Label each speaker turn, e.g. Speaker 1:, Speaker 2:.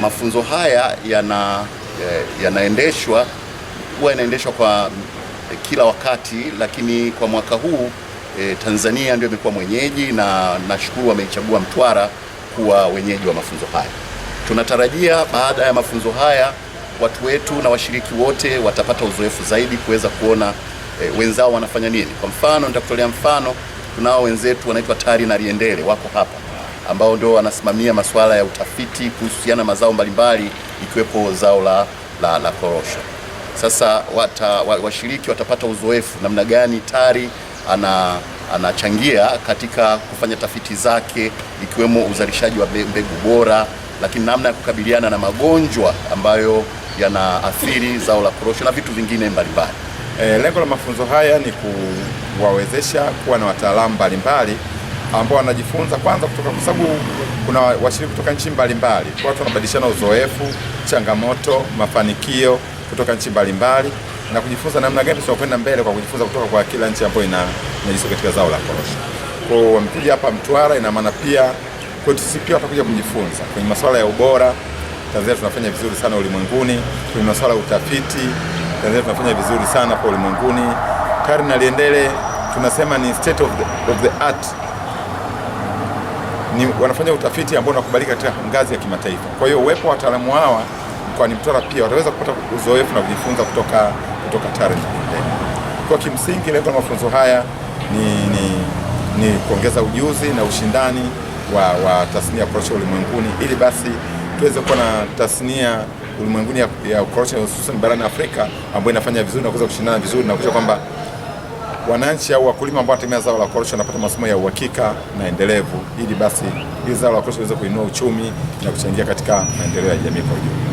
Speaker 1: mafunzo haya yana eh, yanaendeshwa huwa yanaendeshwa kwa eh, kila wakati, lakini kwa mwaka huu eh, Tanzania ndio imekuwa mwenyeji na nashukuru wameichagua Mtwara kuwa wenyeji wa mafunzo haya. Tunatarajia baada ya mafunzo haya watu wetu na washiriki wote watapata uzoefu zaidi kuweza kuona e, wenzao wanafanya nini. Kwa mfano nitakutolea mfano, tunao wenzetu wanaitwa Tari na Riendele wako hapa ambao ndio wanasimamia masuala ya utafiti kuhusiana mazao mbalimbali ikiwepo zao la, la, la korosho. Sasa wata, washiriki watapata uzoefu namna gani TARI ana anachangia katika kufanya tafiti zake ikiwemo uzalishaji wa mbegu bora, lakini namna ya kukabiliana na magonjwa ambayo yanaathiri zao la korosho na vitu vingine mbalimbali.
Speaker 2: E, lengo la mafunzo haya ni kuwawezesha kuwa na wataalamu mbalimbali ambao wanajifunza kwanza kutoka, kwa sababu kuna washiriki kutoka nchi mbalimbali, kwa watu wanabadilishana uzoefu, changamoto, mafanikio kutoka nchi mbalimbali na kujifunza namna gani tunakwenda mbele kwa kujifunza kutoka kwa kila nchi ambayo ina inajisika katika zao la korosho. Kwa hiyo wamekuja hapa Mtwara, ina maana pia kwetu sisi pia watakuja kujifunza kwenye masuala ya ubora. Tanzania tunafanya vizuri sana ulimwenguni kwenye masuala ya utafiti. Tanzania tunafanya vizuri sana kwa ulimwenguni. Karne aliendele tunasema ni state of the, of the art ni wanafanya utafiti ambao unakubalika katika ngazi ya kimataifa. Kwa hiyo uwepo wa wataalamu hawa mkoani Mtwara pia wataweza kupata uzoefu na kujifunza kutoka, kutoka TARURA. Kwa kimsingi lengo la mafunzo haya ni, ni, ni kuongeza ujuzi na ushindani wa, wa tasnia ya korosho ulimwenguni ili basi tuweze kuwa na tasnia ulimwenguni ya, ya korosho hususan barani Afrika ambayo inafanya vizuri na kuweza kushindana vizuri na kuisha kwamba wananchi au wakulima ambao wanategemea zao la korosho wanapata masomo ya uhakika na endelevu, ili basi hili zao la korosho liweze kuinua uchumi na kuchangia katika maendeleo ya jamii kwa ujumla.